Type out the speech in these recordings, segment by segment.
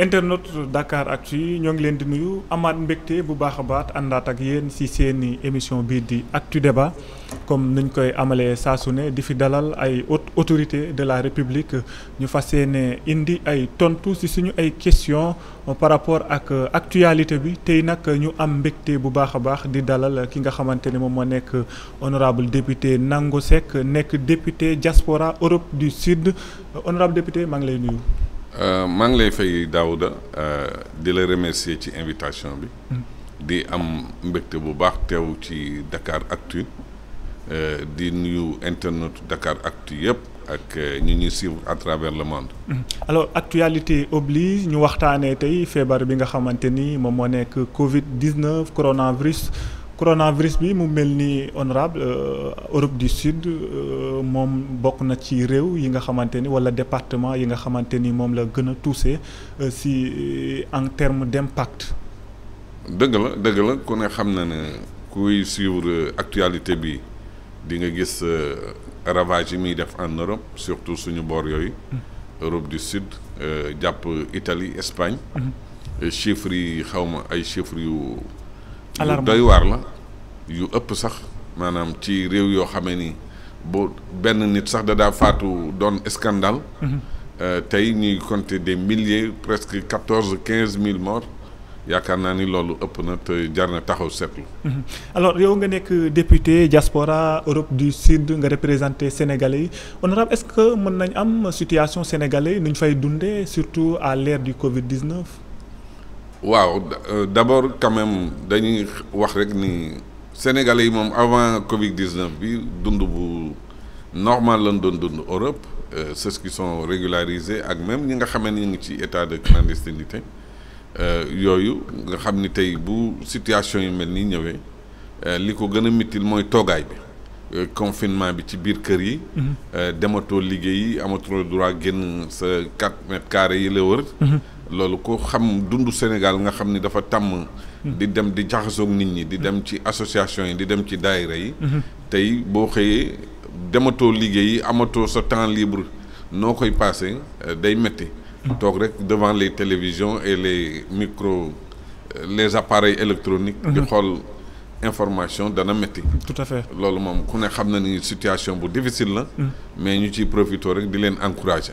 internet Dakar Actu ñoo ngi leen di nuyu amaat mbégte bu baax a ak yéen ci émission bii di Actu Débat comme nuñ koy amalee saa su ne di fi dalal ay autorité de la République ñu fas une indi ay tontu ci suñu ay question par rapport ak actualité bi tey nag ñu am mbégte bu baax a baax di dalal ki nga xamante ne moom moo honorable député Nango Seck nekk député diaspora Europe du Sud honorable député maa ngi lay nuyu euh, maa ngi lay fay Daouda euh, di la remercier ci invitation bi. Mm. di am mbégte bu baax teew ci Dakar Actu euh, di nuyu internet Dakar Actu yëpp ak ñi ñuy suivre à travers le monde. Mm. alors actualité oblige ñu waxtaanee tey feebar bi nga xamante ni moom moo nekk Covid 19 coronavirus coronavirus bi mu melni honorable euh, Europe du Sud euh, mom bokk na ci rew yi nga wala département yi nga la a euh, en termes d'impact. deug actualité bi nga en Europe surtout suñu mm-hmm. Europe du Sud l'Italie, Italie Espagne. Mm-hmm. chiffres yi xawma ay chiffres alarme doy y la yu ëpp sax maanaam ci réew yoo xamee ni bu benn nit sax da daa faatu doon scandale mhm. euh, tey ñuy compter des milliers presque 14-15 mille morts yaakaar naa ni loolu ëpp na te jar na taxaw seetlu. Mhm. alors yow nga nekk député diaspora Europe du Sud nga représenté sénégalais yi honorable est-ce que mën nañ am situation sénégalais nu ñu fay dundee surtout à l'ère du Covid 19 waaw euh, D'abord, quand même dañuy wax rek ni sénégalais yi avant Covid 19 bi dund bu normal lañ doon dund Europe euh, ce qui sont régularisés ak même ñi nga xamee ni ci état de clandestinité Euh, yooyu nga xamni tay bu situation yu melni ñëwé euh, li ko gën a mittil mooy toogaay bi. Euh, confinement bi ci biir kër yi. Mm-hmm. euh, dematoo liggéey amatoo droit genn sa 4 mètres carrés yi le wër. Mm-hmm lolou ko xam dundu Sénégal nga xam ni dafa tàmm. Hmm. di dem di jaxasoog nit ñi di hmm. dem ci association yi di dem ci daayira yi. Hmm. tey bo xeye demato liggéeyi amato sa temps libre noo koy passé euh, day metti tok rek devant les télévisions et les micros euh, les appareils électroniques. di xool information dana metti tout à fait lolou mom ku ne xam na ni situation bu difficile la. mais ñu ci profito rek di leen encourager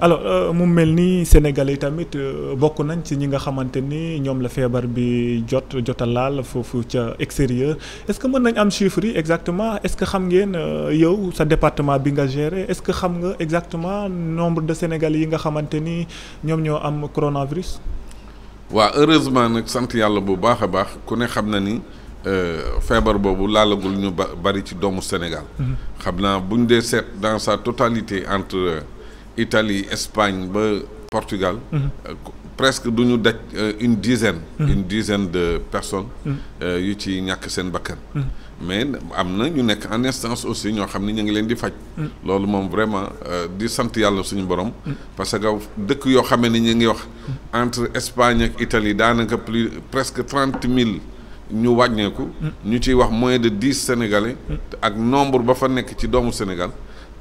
alors euh, mu mel ni Sénégal tamit euh, bokk nañ ci ñi nga xamanteni ñom la fièvre bi jot jotalal fofu ci extérieur est-ce que mën nañ am chiffres yi exactement est-ce que xam ngeen euh, yow sa département bi nga géré est-ce que xam nga exactement nombre de Sénégalais yi nga xamanteni ñom ñoo am coronavirus. wa heureusement nak sant yalla bu baax baax ku ne xam na ni euh fièvre bobu laalagul ñu bari ci doomu Sénégal. Mm-hmm. xamna buñ dé set dans sa totalité entre. Italie, Espagne, Portugal, presque une dizaine, de personnes sont -hmm. euh, qui sont mm -hmm. Mais amna, nous sommes en instance aussi, nous sommes en train de faire. Mm vraiment des sentir à nous, parce que dès que nous sommes en entre Espagne et Italie, il y a presque 30 000 personnes. nous avons moins de 10 Sénégalais, un mhm. nombre personnes qui dorme au Sénégal.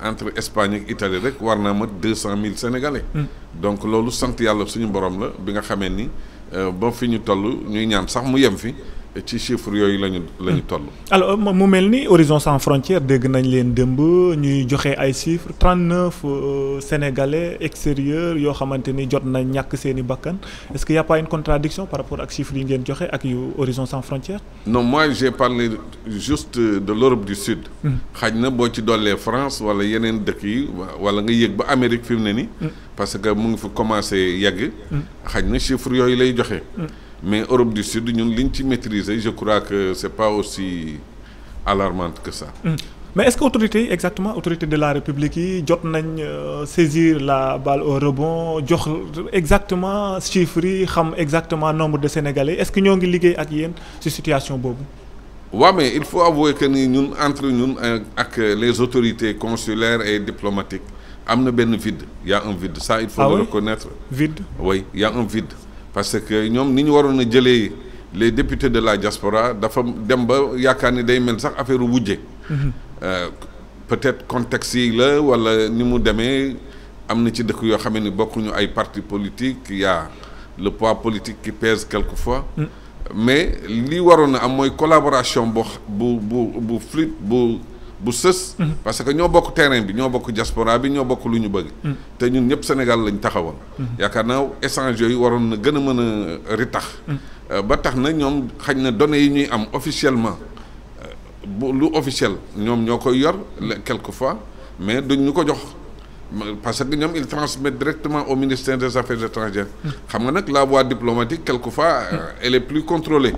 entre Espagne ak Italie rek war naa mat deux cent mille sénégalais. Mm. donc loolu sant yàlla suñu borom la bi nga xamee ni euh, ba fi ñu toll ñuy ñaan sax mu yem fi. ci chiffre yooyu lañu la ñu hmm. alors mu mel ni Horizon sans frontières dégg nañ leen dëmb ñuy joxe ay chiffres trente neuf euh, sénégalais extérieurs yoo xamante ni jot na ñàkk seen i bakkan est-ce qu'il y a pas une contradiction par rapport ak chiffres yi ngeen joxe ak yu Horizon sans frontières. non moi j'ai parlé juste de l'Europe du Sud. Hmm. xaj na boo ci doolee France wala yeneen dëkk yi wala nga yëg ba Amérique fi mu ne hmm. parce que mu ngi fi commencé yegg. xaj na chiffres yooyu lay joxe mais Europe du Sud nous liñ ci je crois que ce n'est pas aussi alarmant que ça. Hmm. mais est-ce que l'autorité exactement de la république yi jot nañ euh, saisir la balle au rebond jox exactement chiffré, xam exactement nombre de sénégalais est-ce que nous avons liggéey ak cette situation Oui, mais il faut avouer que nous entre nous euh, ak les autorités consulaires et diplomatiques y un vide il y a un vide ça il faut ah le reconnaître vide oui il y a un vide parce que nous, ni les députés de la diaspora dafa dem ba day mel sax mhm. euh, peut-être contexte ni mu ci dëkk politique y a le poids politique qui pèse quelquefois mm. mais li collaboration bu bu bu mhm. parce que nous bokk terrain bi ñoo bokk diaspora bi ñoo bokk lu ñu bëgg. Mhm. te ñun ñëpp Sénégal lañ nous mhm. yaakaar naa échange yooyu waroon na gën a mën a euh, euh, ba tax na données am officiellement euh, bu lu officiel ñoom ñoo koy yor quelquefois mais nous ñu ko parce que nous ils transmettent directement au ministère des affaires étrangères xam nga la voie diplomatique quelquefois elle est plus contrôlée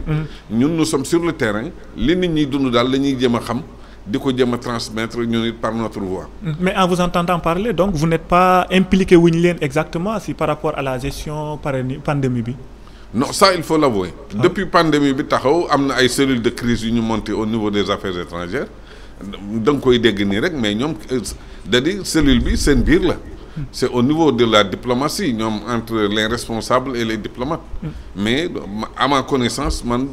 ñun nous sommes sur le terrain li nit nous dund daal la ñuy xam de quoi jëm transmettre par notre voix. mais en vous entendant parler donc vous n'êtes pas impliqué exactement si par rapport à la gestion par pandémie non ça il faut l'avouer Depuis ah. depuis pandémie il y a une cellule de crise qui ñu au niveau des affaires étrangères Donc, il koy a des rek mais ñoom euh, cest à cellule bi c'est une c'est au niveau de la diplomatie entre les responsables et les diplomates. Mm. mais à ma connaissance man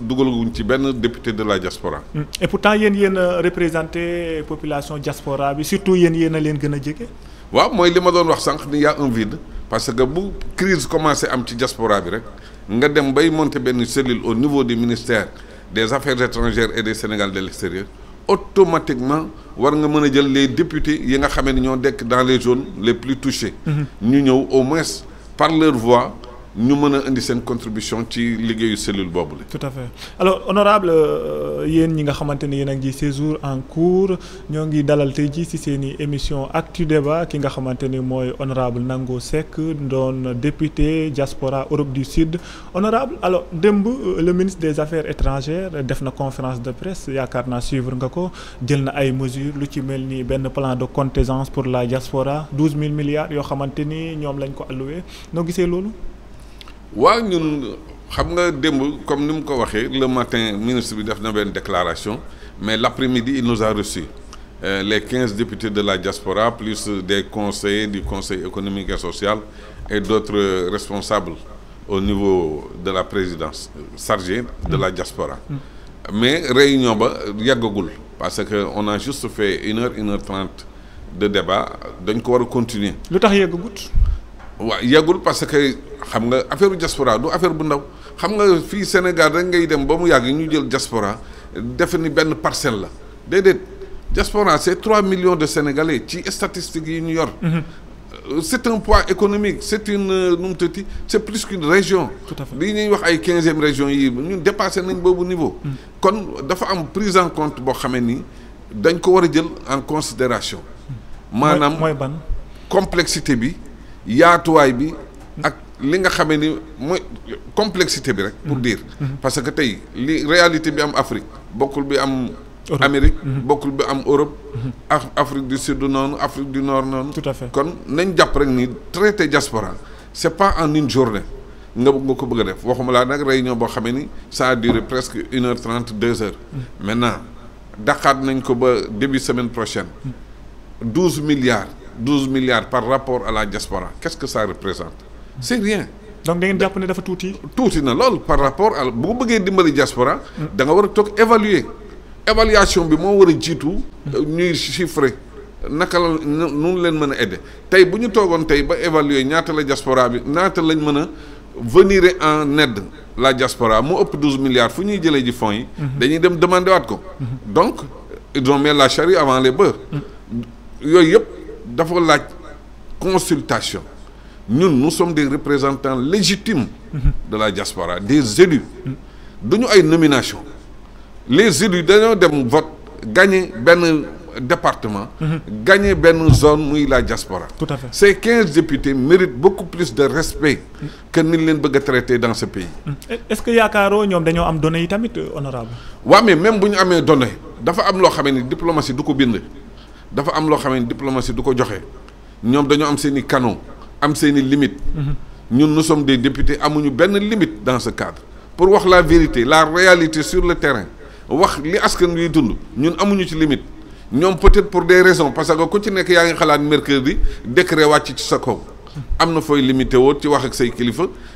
suis député de la diaspora. Mm. et pourtant vous y a représenté population diaspora surtout vous, avez a leen gën a jege. li ma y a un vide parce que la crise commencé am la diaspora bi rek nga dem monter cellule au niveau du ministère des affaires étrangères et des Sénégal de l'extérieur automatiquement war nga les députés yi nga ñoo dans les zones les plus touchées mhm. ñu ñëw au moins par leur voix nous mën une indi seen contribution ci liggéeyu cellule bobu tout à fait alors honorable euh, yeen ñi nga xamanteni yeen séjour en cours ñoo ngi dalal tay si seen émission Actu Débat ki nga xamanteni moy honorable Nango Sek, don député diaspora Europe du Sud. honorable alors demb euh, le ministre des affaires étrangères def na conférence de presse yaakaar a suivre nga ko jël na ay mesures lu ci melni ben plan de contingence pour la diaspora 12 000 milliards yo xamanteni ñom lañ ko alloué noo gisé lolu oui, comme nous le matin ministre bi fait une déclaration mais l'après-midi il nous a reçus. Euh, les 15 députés de la diaspora plus des conseillers du conseil économique et social et d'autres responsables au niveau de la présidence chargée de la diaspora mais réunion a Gogoul, parce qu'on a juste fait 1 heure une heure trente de débat donc on va continuer waaw parce que xam nga affaire diaspora du affaire de ndaw xam nga fi Sénégal rek ngay dem ba mu ñu jël diaspora ni parcelle la diaspora c'est 3 millions de Sénégalais ci statistique yi ñu yor. Mhm. Euh, c'est un poids économique c'est une euh, c'est plus qu'une région. li ñuy wax ay quinzième région yi ñun dépassé nañ niveau. Mhm. kon dafa am prise en compte bo xamé ni dañ ko en considération manam mhm. complexité bi yaatuwaay bi ak li nga xamee ni mooy complexité bi rek pour mm-hmm. dire mm-hmm. parce que tey li réalité bi am Afrique bokkul bi am Amérique mm-hmm. bokkul bi am Europe Afrique du Sud noonu Afrique du Nord noonu tout à fait kon nañ jàpp rek ni traité diaspora c'est pas en une journée nga bëgg nga ko bëgg a def waxuma laa nag réunion boo xamee ni ça a duré presque 1h30, 2h maintenant daqaat nañ ko ba début semaine prochaine 12 milliards 12 milliards par rapport à la diaspora qu'est-ce que ça représente c'est rien donc da japonais jàpp tout tout tuuti Tout na par rapport à bu bëggee dimbali diaspora da nga war a toog évaluer évaluation bi moo vous a jiitu euh, ñuy chiffrer Nous la nun leen mën aider tey bu ñu toogoon ba évaluer la diaspora bi venir en aide la diaspora moo 12 milliards fu ñuy ji fonds mhm. dañuy demander mhm. donc ils ont mis la charrie avant les bœufs mhm. yooyu D'abord la consultation Nous, nous sommes des représentants légitimes mhm. de la diaspora des élus Nous avons une nomination les élus nous dem vote gagner un département mhm. gagner une zone où la diaspora ces 15 députés méritent beaucoup plus de respect que nous leen bëgg traiter dans ce pays mhm. est-ce qu'il que yaakaaroo ñoom nous am données donné tamit honorable Oui, mais même si nous avons donné, nous avons une diplomatie du ko dafa am lo xam diplomatie du ko joxe ñoom des am des limites. canon am limite ñun nous sommes des députés amuñu une limite dans ce cadre pour voir la vérité la réalité sur le terrain wax li askan wi dund ñun amuñu ci limite ñom peut-être pour des raisons parce que ku ci nek ya nga xalaat mercredi décret wàcc ci sa kaw am na limité woo ci wax ak say kilifa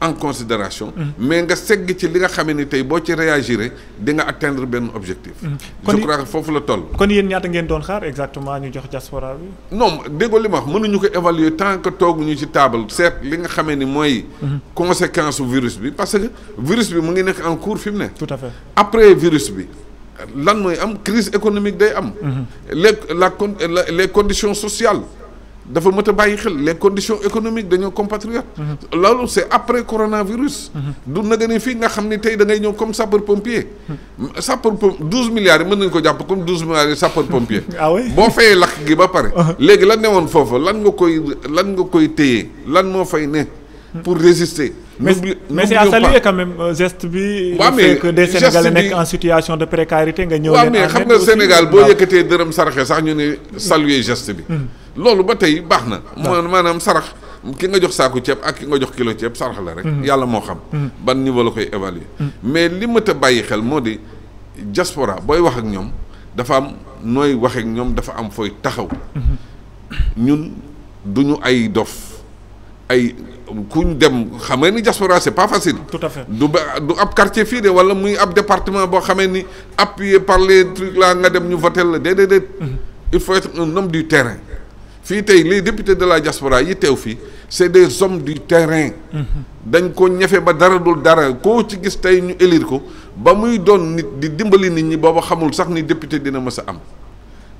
en considération mais nga segg ci li nga xamee ni tey boo ci réagiré di nga atteindre ben objectif mm-hmm. je crois que fofu la toll kon yeen ñata ngeen doon xaar exactement ñu jox diaspora bi non dégo li ma wax ko évaluer tant que ñu ci table set li nga xamee ni moy mm-hmm. conséquence virus bi parce que virus bi mu ngi nek en cours tout à fait après virus bi lan moy am crise économique day am mm-hmm. les la les conditions sociales dafa mën a bàyyi xel les conditions économiques de nos compatriotes. Mhm. loolu c' est après coronavirus. Mhm. du nag ni nga xam ni da ngay ñëw comme sapeur pompier. Mhm. sapeur 12 milliards yi mën nañu ko jàpp comme 12 milliards yi sapeur pompier. ah oui Bon, fait lakk gi ba pare. Uh-huh. léegi lan ne woon foofu lan nga koy lan nga koy téye lan moo fay ne. Hmm. pour résister. mais mais c'est à saluer quand même euh, geste bi. waaw mais que des Sénégalais nekk en situation de précarité nga ñëw leen. waaw mais xam nga Sénégal boo ah. yëkkatee dërëm saraxe sax ñu ne saluer geste bi. Hmm. loolu ba tey baax na. moo maanaam sarax ki nga jox saako ceeb ak ki nga jox kilo ceeb sarax la rek. Mm-hmm. yàlla moo xam. Mm-hmm. ban niveau la koy évaluer. Mm-hmm. mais li ma ta bàyyi xel moo di jaspora booy wax ak ñoom dafa am nooy wax ñoom dafa am fooy taxaw. ñun duñu ay dof ay. kuñ dem xam nga ni diaspora c'est pas facile. tout à fait du ba du ab quartier fii de wala muy ab département boo xamee ni appuyé par les trucs là nga dem ñu voté la déedéet. il faut être un du terrain. fii tey les députés de la diaspora yi teew fii c'est des hommes du terrain dañ ko ñefe ba dara dul dara koo ci gis tey ñu élire ko ba muy doon nit di dimbali nit ñi booba xamul sax ni député dina mës am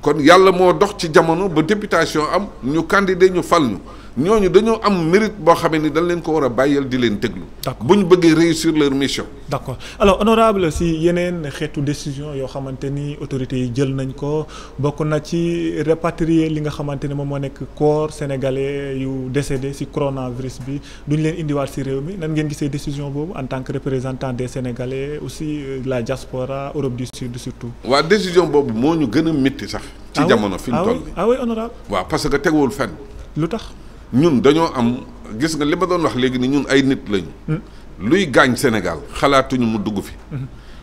kon yàlla moo dox ci jamono ba députation am ñu candidat ñu fal ñu ñooñu dañoo am mérite boo xamee ni dañ leen ko war a bàyyal di leen déglu. bu ñu bëggee réussir leur mission. d' accord alors honorable si yeneen xeetu décision yoo xamante ni autorités yi jël nañ ko bokk na ci répatrier li nga xamante ne moom moo nekk corps sénégalais yu décédé si coronavirus bi duñ leen indiwaat si réew mi nan ngeen gisee décision boobu en tant que représentant des sénégalais aussi euh, la diaspora Europe du Sud surtout. waa décision boobu moo ñu gën a métti sax. ci ah jamono fi ñu ah toll. ah oui honorable waaw parce que teguwul fenn. lu tax. ñun dañoo am gis nga li ma doon wax léegi ni ñun ay nit lañu. luy gaañ Sénégal xalaatuñu mu dugg fi.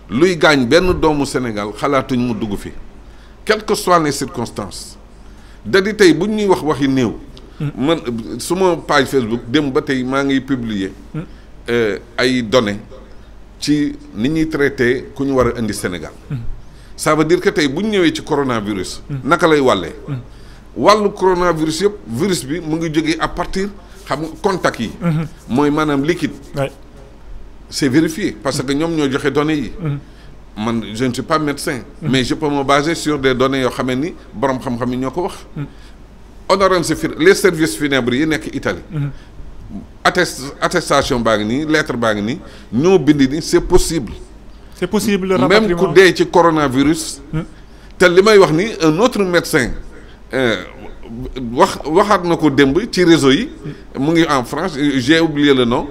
luy gaañ benn doomu Sénégal xalaatuñ mu dugg fi quelles que soient les circonstances tey bu ñuy wax waxi néew. man suma page Facebook dem ba tey maa ngi publier. Euh, ay données ci nit ñuy traité ku ñu war a indi Sénégal. ça veut que tey bu ñu ñëwee ci coronavirus. naka lay wàllee. wàllu coronavirus yëpp virus bi mu ngi jógee à partir xam nga contact yi. Mhm. mooy maanaam liquide. c'est vérifié parce que ñoom ñoo joxe données yi. Mhm. man je ne suis pas médecin. Mhm. mais je peux me baser sur des données yoo xam ni borom xam-xam yi ñoo ko wax. honorance les services funèbres yi nekk Italie. attest attestation baa ngi nii lettre baa ngi nii ñoo bind ni c'est possible. c'est possible même coup dee ci coronavirus. te li may wax ni un autre médecin. Euh, wax waxat na ko démb ci réseau yi mu en France j'ai oublié le nom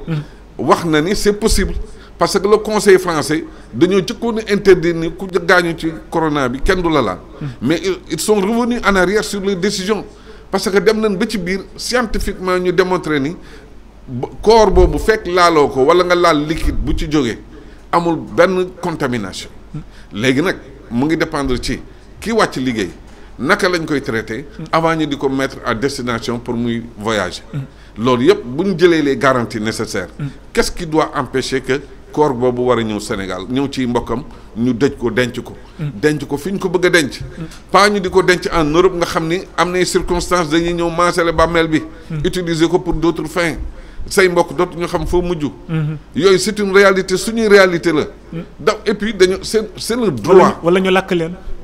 wax na ni c'est possible parce que le conseil français dañoo jëkkoon a interdire ni ku gaañu ci corona bi kenn du la laal mais ils sont revenus en arrière sur les décisions parce que dem nañ ba ci biir scientifiquement ñu démontrer ni corps boobu fekk laaloo ko wala nga laal liquide bu ci jógee amul benn contamination léegi nag mu ngi dépendre ci ki wàcc liggéey naka lañ koy traité avant ñu diko mettre à destination pour muy voyager loolu yep, bu ñu les garanties nécessaires qu'est-ce qui doit empêcher que corps boobu wara a Sénégal ñëw ci mbokam ñu dëj ko denc ko denc ko fiñ ko bëgg denc pas ñu diko ko denc en Europe nga xamni amné circonstances dañuy ñëw maasale bàmmeel bi utiliser ko pour d'autres fins say mbokk dootu ñu xam fo muju yoy c'est une réalité suñu réalité la et puis dañu c'est c'est le droit wala ñu lak leen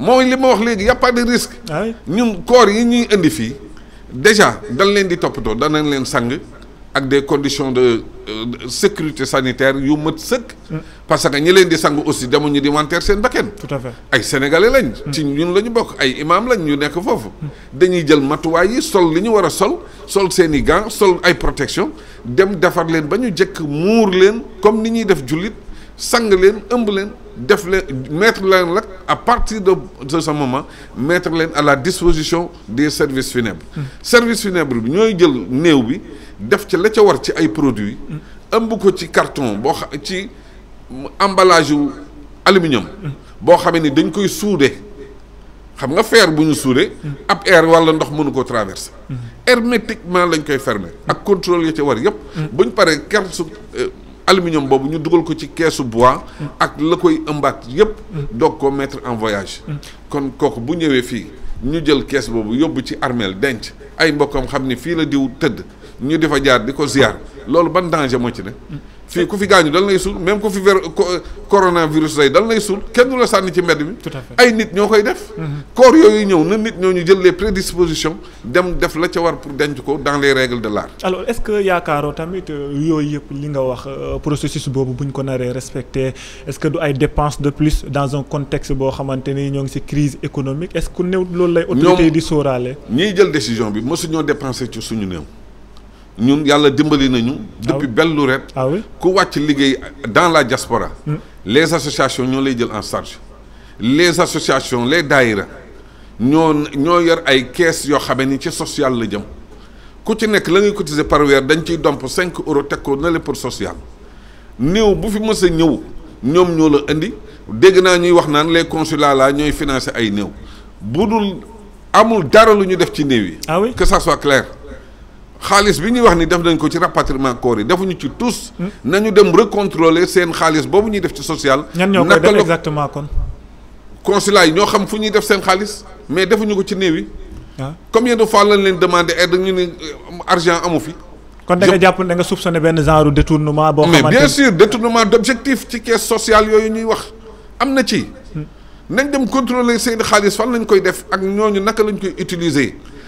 Il li a pas de risque. Ah ñun corps yi ñuy déjà dans leen sang ak des conditions de euh, sécurité sanitaire yu sëkk. Mm. parce que ñi leen di sang aussi demuñu di wanteer tout à fait ay sénégalais lañ. Mm. ci ñun la ñu ay imam lañ ñu nekk foofu. Mm. dañuy jël sol li sol sol i sol ay protection dem defar leen ba ñu jëkk leen comme ni def sang leen def mettre leen à partir de de ce moment mettre à la disposition des services funèbres. Hmm. services funèbres bi ñooy jël néew bi def ci la ca war ci ay produits. Hmm. ëmb ko ci carton boo ci emballage yu aluminium. Hmm. boo xamee ni dañ koy suude xam nga fer bu ñu suude ab air walla ndox mënu ko traverser. hermétiquement lañ koy fermer. ak contrôle ya ca war yëpp. buñ paree kersu. Euh, aluminium bobu ñu duggal ko ci caisse bois mm. ak la koy ëmbaat yépp mm. doog ko mettre en voyage mm. kon kooku bu ñëwee fi ñu jël caisse bobu yóbbu ci armel denc ay mbokam xamni fi la diw tëdd ñu di jaar diko ziar loolu ban danger mo ci ne fi ku fi gañu dal lay sul même ku fi ver coronavirus lay dal lay sul kenn du la sànni ci mbedd mi. ay nit ñoo def. koor mm-hmm. yooyu ñew na nit ñoo ñu jël les prédispositions dem def la ci war pour denc ko dans les règles de l'art. alors est-ce que yaakaaroo tamit euh, yoy yep li nga wax euh, processus bobu buñ ko naré respecter est-ce que du ay dépenses de plus dans un contexte bo xamanteni ni ñoo ngi ci crise économique est-ce que néew lool lay. autorité di soralé ñi jël décision bi mësu ñoo dépenser ci suñu néew ñun yalla dimbali nañu. Ah depuis belle lurette. Ah ku wàcc dans la diaspora. Hmm. les associations nous lay jël en charge. les associations les daïra ñoo ñoo yor ay caisse yo xamé ni ci social la jëm ku ci la euros pour social. new bu fi mësa ñoo la dégg les consulats là ñoy financer ay Nous budul amul ah que ça soit clair. xaalis bi ñuy wax ni def nañ ko ci rapatriement corps yi defuñu ci tous. nañu dem recontrôler seen xaalis boobu ñuy def ci social. ñan ñoo koy def exactement kon. consulat yi ñoo xam fu ñuy def seen xaalis mais defuñu ko ci néew yi. combien de fois lañ leen demandé aide ñu ne argent amu fi. kon da nga jàpp da nga soupçonné benn genre détournement boo xamante mais bien sûr détournement d' objectif ci caisse sociale yooyu ñuy wax am na ci. nañ dem contrôler seen xaalis fan lañ koy def ak ñooñu naka lañ koy utiliser.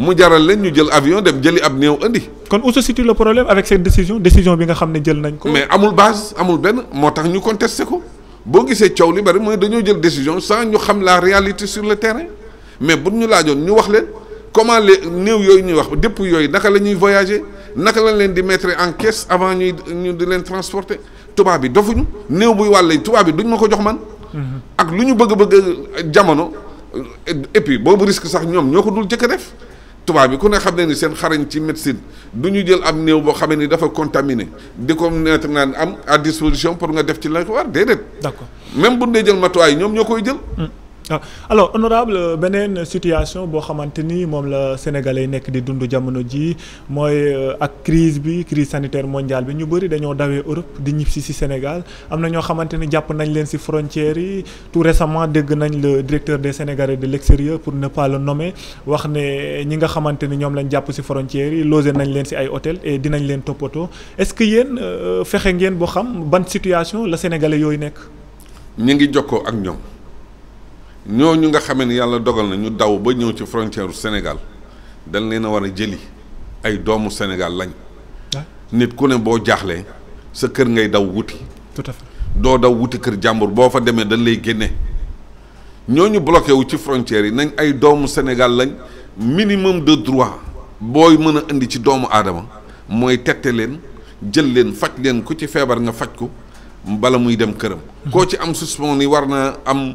mu jaral leen ñu jël avion dem jëli ab néew indi. kon où se situe le problème avec cette décision décision bi nga xam ne jël nañ ko. mais amul base amul benn moo tax ñu contesté ko boo gisee coow li bari mooy dañoo jël décision sans ñu xam la réalité sur le terrain mais bu ñu laajoon ñu wax leen comment les néew yooyu ñuy wax dépp yooyu naka la ñuy voyager naka lañ leen di mettre en caisse avant ñuy ñu di leen transporter tubaab bi dofuñu néew buy wàll tubaab bi duñ ma ko jox man. Mhm. ak lu ñu bëgg bëgg jamono et puis boobu risque sax ñoom ñoo ko dul jëkk def. tubaab bi ku ne xam ne ni seen xarañ ci médecine du ñu jël am néew boo xamee ni dafa contaminé di ko mettre naan am à disposition pour nga def ci la ko war déedéet. d'accord même bu ñu dee jël matuwaay ñoom ñoo koy jël. Mm. ah alors honorable euh, beneen situation boo xamante ni moom la sénégalais yi nekk di dund jamono ji mooy euh, ak crise bi crise sanitaire mondiale bi ñu bëri dañoo dawee Europe di ñibbisi si Sénégal am na ñoo xamante ni jàpp nañ leen si frontières yi tout récemment dégg nañ le directeur de Sénégalais de l'extérieur pour ne pas le wax ne ñi nga xamante ni ñoom lañ jàpp si frontières yi logé nañ leen si ay hôtel et dinañ leen toppatoo est-ce que yéen euh, fexe ngeen boo xam ban situation la sénégalais yooyu nekk. ñu ngi jokkoo ak ñoom. ñu nga xamee ni yàlla dogal na ñu daw ba ñëw ci frontière senegal dañ leen a war a jëli ay doomu Sénégal lañ. nit ku ne boo jaaxlee sa kër ngay daw wuti. tout doo daw wuti kër jàmbur boo fa demee dañ lay génne ñooñu bloqué wu ci frontière yi nañ ay doomu Sénégal lañ minimum de droit booy mën a indi ci doomu aadama mooy tette leen jël leen faj leen ku ci feebar nga faj ko bala muy dem këram. Mm-hmm. koo ci am suspicion ni war na am.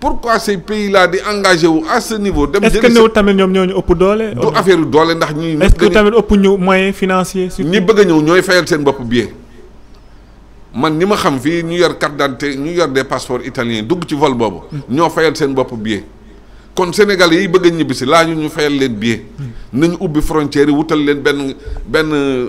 pourquoi ces pays-là di engagé wu à ce niveau. dem est-ce que nous tamit ñoom ñoo ñu ëpp doole. du affaire doole ndax ñuy. est-ce que tamit ëpp ñu moyens financiers. surtout ñi bëgg a ñëw ñooy fayal seen bopp billet man ni ma xam fi ñu yor carte d'identité ñu yor des passeports italiens dugg ci vol bobu ño fayal seen bop billet. kon Sénégalais yi bëgg ñibisi la ñu ñu fayal leen billet. Hmm. nañu ubbi frontière wutal leen ben ben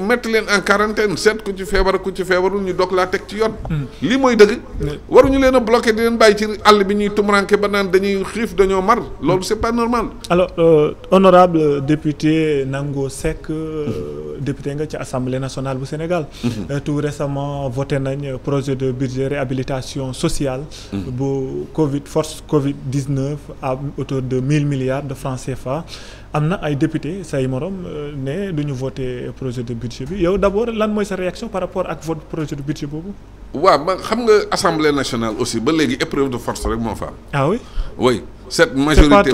mettre les en quarantaine seet ku ci feebar ku ci feebarul ñu doog la teg ci yoon. Hmm. lii mooy dëgg. waruñu leen a bloqué di leen bàyyi ci àll bi ñuy tumranke ba naan dañuy xiif mar c'est pas normal. alors euh, honorable euh, député Nango Sek euh, député nga ci assemblée nationale Du Sénégal. Mhm. Euh, tout récemment voté nañ projet de budget réhabilitation sociale. Mhm. bu Covid force Covid 19 à hauteur de 1000 milliards de francs CFA Amna, na ay député say morom euh, ne duñu voté projet de budget bi yow d' sa réaction par rapport à votre projet de budget boobu. waaw xam nga assemblée nationale aussi ba léegi épreuve de force rek moo fa ah oui oui. cette majorité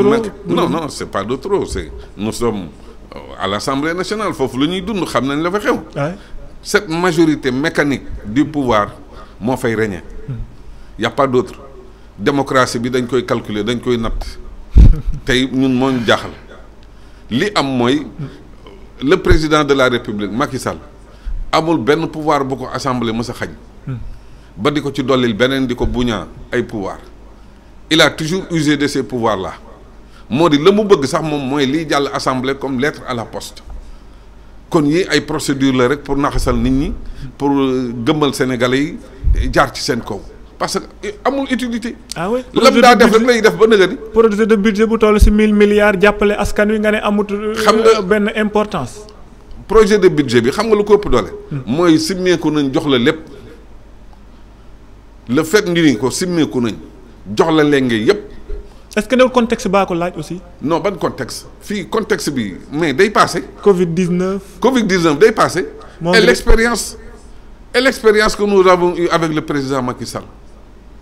non non c'est pas d'autre, trop nous sommes à l'assemblée nationale foofu lu ñuy dund xam nañ la fa xew. Ah cette majorité mécanique du pouvoir moo fay régner. Hmm. y' a pas d'autre autre démocratie bi dañ koy calculer dañ koy natt tey ñun moo ñu li am le président de la république Macky Sall amul benn pouvoir bu ko assemblée mës a xañ hmm. ba di ko ci dollil beneen di ko ay pouvoir il a toujours usé de ses pouvoirs là moo le la mu bëgg sax moom mooy liy jàll assemblée comme lettre à la poste kon yi ay procédure le rek pour naxasal nit ñi pour euh, gëmmal sénégalais yi jaar ci seen kaw parce que amul utilité. ah oui lam def rek lay def ba projet de budget bu toll ci 1000 milliards jappelé askan wi nga né amut. ben importance. projet de budget bi xam nga lu ko ëpp doole. Hmm. mooy ko nañ jox la lépp. le fait que ni ko nañ jox la lenge est-ce que le contexte est ko laaj aussi. non ban contexte Le contexte bi mais passé. Covid 19. Covid 19 day passé. et l'expérience et l'expérience que nous avons eue avec le président Macky Sall.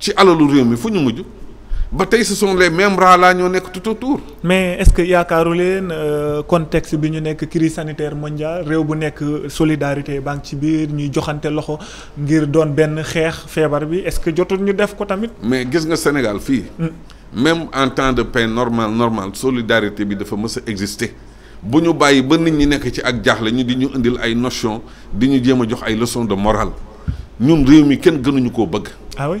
ci alalu réew mi fu ñu mujj ba tey ce sont les mêmes rats-là ñoo nekk tout autour. mais est-ce que yaakaaru leen euh, contexte bi ñu nekk crise sanitaire mondiale réew bu nekk solidarité baa ci biir ñuy joxante loxo ngir doon benn xeex feebar bi est-ce que jotul ñu def ko tamit. mais gis nga Sénégal fii. Mm. même en temps de paix normal normal solidarité bi dafa mës a exister bu ñu bàyyi ba nit ñi nekk ci ak jaaxle ñu di ñu indil ay notion di ñu jéem a jox ay leçons de morale ñun réew mi kenn gënuñu koo bëgg. ah oui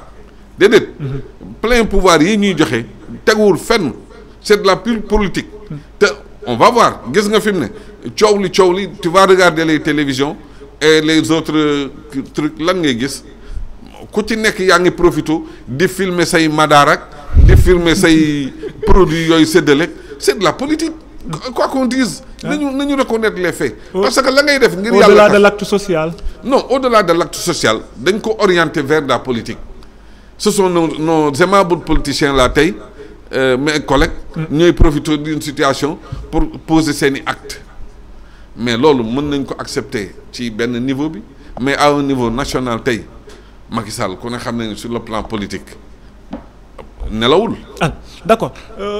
déedéet. Mhm. plein pouvoir yi ñuy joxé teguwul fenn C'est de la pure politique. Mhm. te on va voir gis nga fi mu ne coow li tu vas regarder les télévisions et les autres euh, trucs lan ngay gis ku ci nek ya ngi profité di filmer say madarak, di filmer say produits yoy séddale c'est de la politique. Mhm. quoi qu'on dise. nous, nañu reconnaître les faits. parce que la ngay def. ngir au delà de l'acte social. non au delà de l'acte social dañ ko orienté vers la politique ce sont nos aimables politiciens là euh, mes collègues. nous profitons d'une situation pour poser ces actes. mais cela, nous pouvons ko accepter ci niveau mais à un niveau national Makissal, Macky Sall sur le plan politique nelawul. ah D'accord.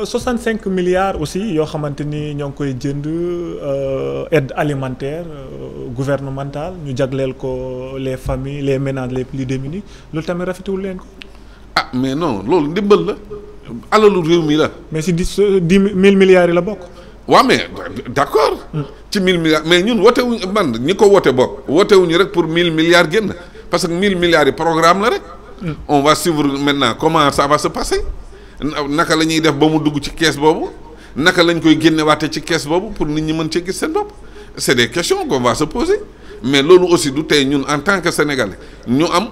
65 euh, milliards aussi nous ont ni l'aide euh, aide alimentaire euh, gouvernementale nous les familles les ménages les plus démunis loolu tamit fait tout ah mais non c'est ndimbal la alalu mais c'est 10 milliards Oui, la mais d'accord. milliards mais nous, nous avons voté pour 1000 milliards parce que 1000 milliards programme hmm. on va suivre maintenant comment ça va se passer. naka la def ba mu dugg ci kees boobu naka lañ koy pour nit ñi des questions qu'on va se poser mais nous, aussi en tant que sénégalais nous am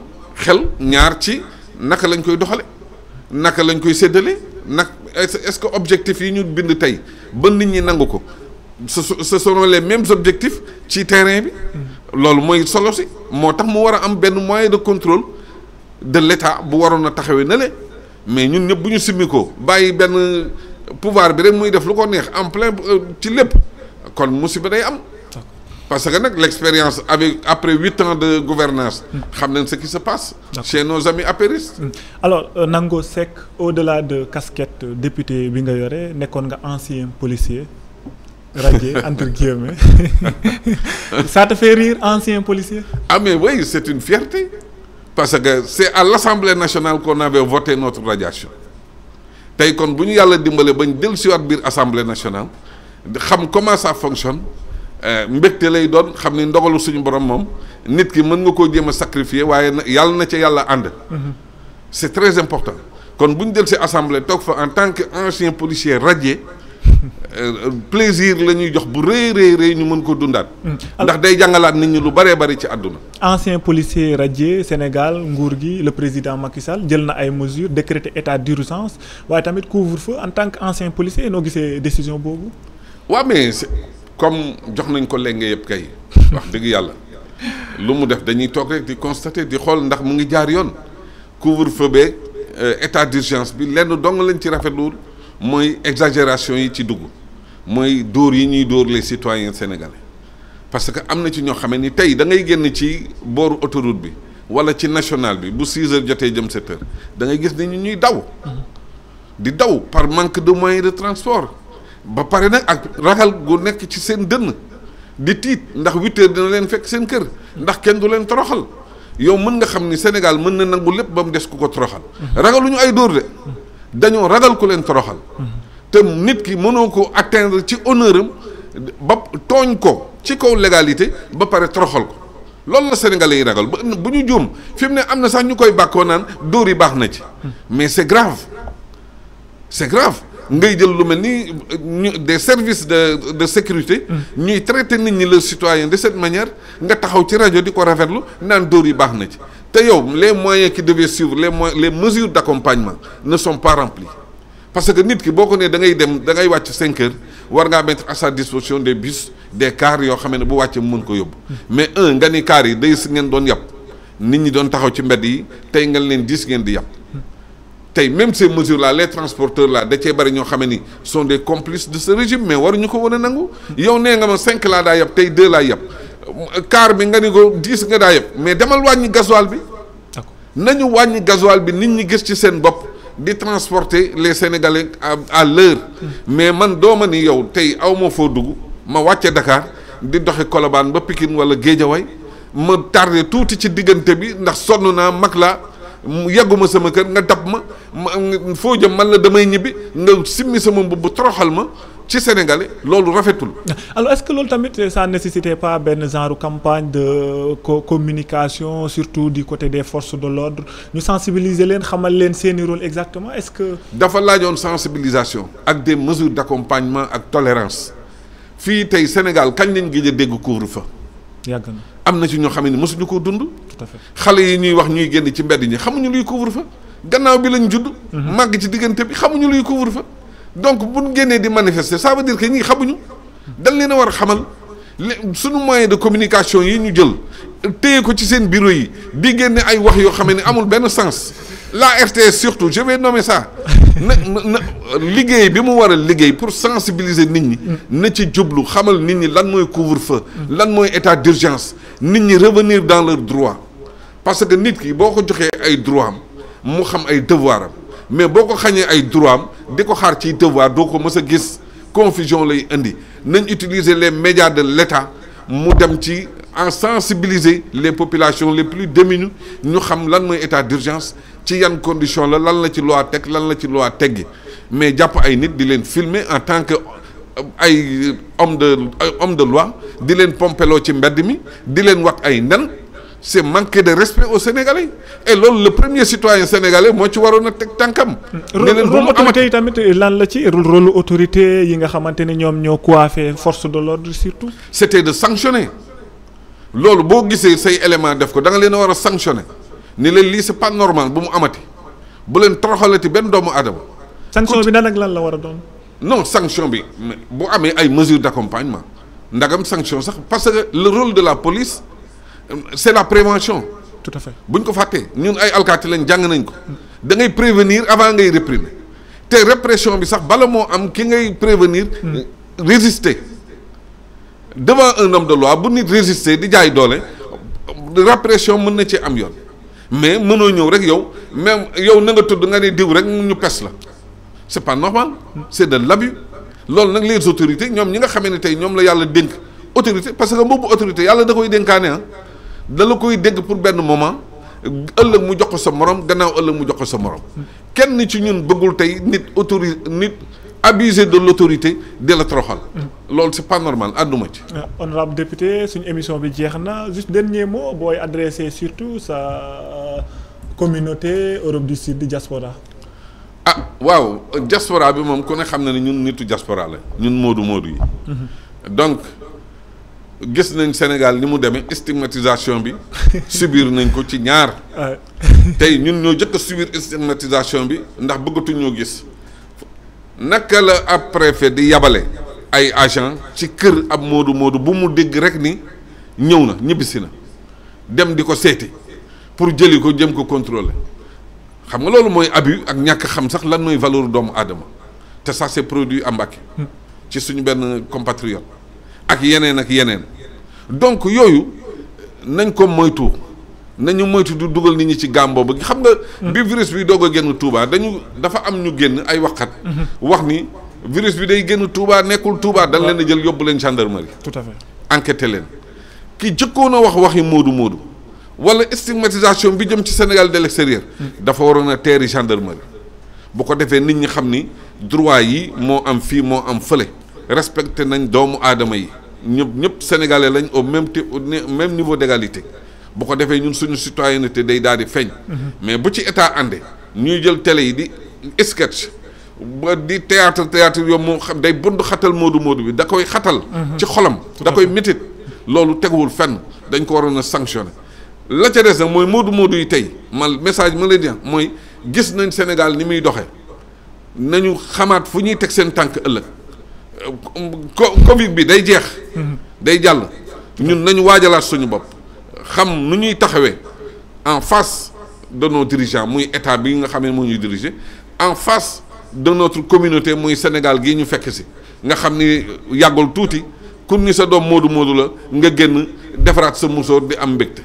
naka lañ koy doxale naka lañ koy séddale nak est-ce que objectif yi ñu bind tey ba nit ñi nangu ko ce sont les mêmes objectifs ci terrain bi loolu mooy solo si moo tax mu war a am benn moyen de contrôle de l'État bu waroon a taxawee na mais ñun ñëpp bu ñu simmi ko bàyyi benn pouvoir bi rek muy def lu ko neex en plein euh, ci lépp kon musiba day am parce que l'expérience après 8 ans de gouvernance je ce qui se passe chez nos amis apéristes mm. alors euh, Nango Sec... au-delà de casquette député Bingayore, nous un ancien policier radié entre guillemets ça te fait rire ancien policier ah mais oui C'est une fierté parce que c'est à l'Assemblée nationale qu'on avait voté notre radiation on nationale comment ça fonctionne euh, mbégte lay doon xamni ni ndogalu suñu borom mom nit ki mën nga ko jéem sacrifier waye yalla na ci yalla and c'est très important kon buñu del ci assemblée tok fa en tant que ancien policier radié euh, euh, plaisir lañuy jox bu rëy rëy rëy ñu mën ko dundat mhm. ndax day jàngalaat nit ñi lu bëree bëri ci aduna ancien policier radié Sénégal nguur gi le président Macky Sall jël na ay mesures décrété état d'urgence waye tamit couvre-feu en tant que ancien policier no gisee décision bobu wa mais comme jox nañ ko kay wax yalla def dañuy di constater couvre-feu euh, état d'urgence bi ci exagération yi ci les citoyens sénégalais parce que amna ci ño ni da ngay ci autoroute bi wala ci national bi bu 6 jëm 7 da ngay gis ni daw mm-hmm. di par manque de moyens de transport ba pare nag ak ragal gu nekk ci seen dënn di tiit ndax wittee heures dina leen fekk seen kër ndax kenn du leen toroxal yow mën nga xam ni Sénégal mën na nangu lépp ba mu des ku ko toroxal ñu ay dóor de dañoo ragal ku leen toroxal te nit ki mënoo ko atteindre ci honneur am ba tooñ ko ci kaw légalité ba pare toroxal ko loolu la sénégalais yi ragal ba bu ñu juum fi mu ne am na sax ñu koy bàkkoo naan dóor yi baax na ci mais c'est grave c'est grave ngay jël lu des services de de sécurité. Mm. ñuy traiter nit ñi le citoyen de cette manière nga taxaw ci radio diko ko rafetlu naan dóor yi na ci te yow les moyens qui devaient suivre les les mesures d'accompagnement ne sont pas remplis parce que nit ki boko ne da ngay dem da ngay wacc cinq heures war nga mettre à sa disposition des bus des cars yo xamné bu wacc mën ko yob mm. mais un nga ni car yi day ngeen don yàpp nit ñi don taxaw ci mbedd yi tay ngeen leen dis ngeen di yàpp même ces mesures là les transporteurs là sont des complices de ce régime mais ko nangu. yow nga ma cinq car ils nga ni ko dix nga 10 mais demal gasoil bi. nañu wàññi gasoil bi nit ñi ci transporter les sénégalais à l'heure mais man ma 10 ma Dakar di ba ma tardé ci parce bi ndax suis 10 yegguma sama kër nga dab ma foo jëm man la damay ñibbi nga simmi sama mbubb toroxal ma ci sénégalais loolu rafetul. alors est-ce que loolu tamit euh, ça ne nécessitait pas benn genre campagne de euh, communication surtout du côté des forces de l'ordre ñu sensibiliser leen xamal leen seeni rôle exactement est-ce que. dafa laajoon sensibilisation ak des mesures d'accompagnement ak tolérance fii tey Sénégal kañ lañ gëj a dégg couvre-feu. yàgg na am na ci ñoo xam ne mosuñu koo dund. tout à xale yi ñuy wax ñuy génn ci mbedd ñi xamuñu luy couvre fa gannaaw bi lañ judd. Mhm. màgg ci diggante bi xamuñu luy couvre fa donc bu génnee di manifester ça veut dire que ñii xamuñu dañ leen a war a xamal suñu moyen de communication yi ñu jël téye ko ci seen bureau yi di génne ay wax yoo xam ne amul benn sens la RTS surtout je vais nommer ça na na bi mu waral liguey pour sensibiliser nit ñi. na ci jublu xamal nit ñi lan moy couvre-feu. lan moy état d'urgence nit ñi revenir dans leur droit parce que nit ki boko ko ay droit mu xam ay devoir mais boko ko ay droit diko di xaar ci devoir donc ko mës gis confusion lay indi nañ utiliser les médias de l'État mu dem ci en sensibiliser les populations les plus démunies ñu xam lan moy état d'urgence ci yane condition la lan la ci loi tek lan la ci loi teggi mais japp ay nit di len filmer en tant que euh, ay homme de homme de loi di leen pompeloo ci mbedd mi di len wax ay nan c'est manquer de respect aux Sénégalais et loolu le premier citoyen sénégalais mo ci warona a tankam tànkam. ne leen rôle autorité yi tamit lan la ci rôle autorité yi nga xamante ñom ñoo force de l'ordre surtout. c'était de sanctionner loolu bo gisee say élément def ko da nga len wara sanctionner ni leen lii pas normal bu mu amati bu leen toroxalati benn doomu aadama. sanction bi nan ak lan la war a non sanction bi bu amee ay mesures d'accompagnement ndagam sanction sax parce que le rôle de la police euh, c'est la prévention. tout à fait bu ñu ko fàttee ñun ay alkaati lañ jàng nañ ko. da ngay prévenir avant ngay réprimer te répression bi sax bala moo am ki ngay prévenir. Hmm. résister devant un homme de loi bu nit résister di jaay la répression mën na ci am yoon mais mënoo rek même yow na nga nga ne diw rek ñu c'est pas normal c'est de l'abus lool les autorités ñom ñi nga ni la autorité parce que mboobu autorité yalla da koy des ah. da la koy pour ben moment ëlëk mu jox ko sa morom gannaaw ëlëk mu jox ko sa morom kenn ci ñun bëggul nit autorité nit abuser de l'autorité de la toroxal. c'est pas normal àdduma ci. Ah, honorable député c'est une émission bi jeex Juste juste dernier mot booy adresser surtout sa euh, communauté Europe du Sud diaspora. ah La diaspora bi moom que nous sommes na ne ñun diaspora Nous sommes moodu moodu mhm. donc gis nañ Sénégal nous avons une stigmatisation bi subir nañ ko ci ñaar. tey ñun ñoo jëkk subir stigmatisation bi ndax bëggatuñ ñoo naka la ab préfet di yabale ay agent ci kër ab moodu moodu bu mu dégg rek ni ñëw na ñibbisi na dem di ko seeti pour jëli ko jëm ko contrôler xam nga loolu mooy abus ak ñàkk xam sax lan mooy valeur doomu aadama te sax c'est produit à Mbacké ci suñu benn compatriote ak yeneen ak yeneen donc yooyu nañ ko moytu nañu moytu du dugal nit ñi ci gaam boobu xam nga. bi virus bi doog a génn Touba dañu dafa am ñu génn ay waxkat. wax ni virus bi day génn Touba nekkul Touba. dañ leen jël yóbbu leen gendarmerie. tout à fait leen. ki jëkkoon a wax waxi Moodu Moodu wala stigmatisation bi jëm ci Sénégal de l'extérieur. dafa waroon a teeri gendarmerie. bu ko defee nit ñi xam ni droit yi moo am fii moo am fële respecté nañ doomu aadama yi ñëpp ñëpp sénégalais lañ au même même niveau d'égalité. bu ko defee ñun suñu citoyenneté day daal di feeñ. mais bu ci état àndee ñuy jël télé yi di sketch ba di théâtre théâtre yow moo xam day bund xatal moodu moodu bi da koy xatal. ci xolam da koy métit loolu teguwul fenn dañ ko waroon a sanctionné la ca des nag mooy moodu moodu yi tey man message ma leen di mooy gis nañ Sénégal ni muy doxe nañu xamaat fu ñuy teg seen tànk ëllëg euh, Covid bi day jeex. day jàll ñun nañu waajalaat suñu bopp. xam nu ñuy taxawé en face de nos dirigeants muy état bi nga xam mo moo ñuy diriger en face de notre communauté muy Sénégal gi ñu fekk ci nga xam ni yàggul tuuti ku ni sa doom moodu moodu la nga genn defaraat sa musóor di am mbégte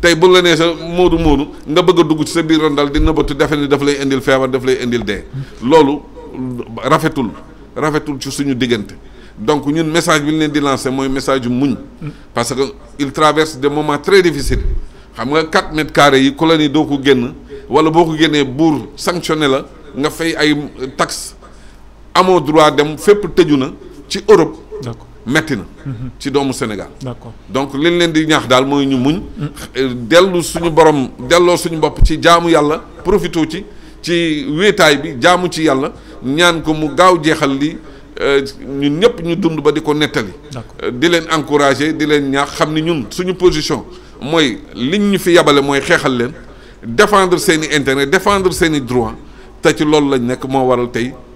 tay bu la né sa modou modou nga bëgg a dugg ci sa biir rondal di nëbbatu defe ni daf lay indil feebar daf lay indil dé lolu rafetul rafetul ci suñu digënté donc le message bi ñu avons message parce qu'il traverse des moments très difficiles xam nga 4 mètres carrés yi la ni ko sanctionné nga fay ay taxes amo droit dem fépp ci Europe metti na ci doomu Sénégal donc li ñu nous di ñaax daal ñu muñ suñu borom suñu ci jaamu ci bi jaamu ci euh, ñun ñëpp ñu dund ba diko netali euh, di leen encourager di leen ñaax xamni ñun suñu position moy liñ ñu fi yabalé moy xéxal leen défendre seen i intérêt défendre seen i droit te ci loolu lañ nek mo waral tay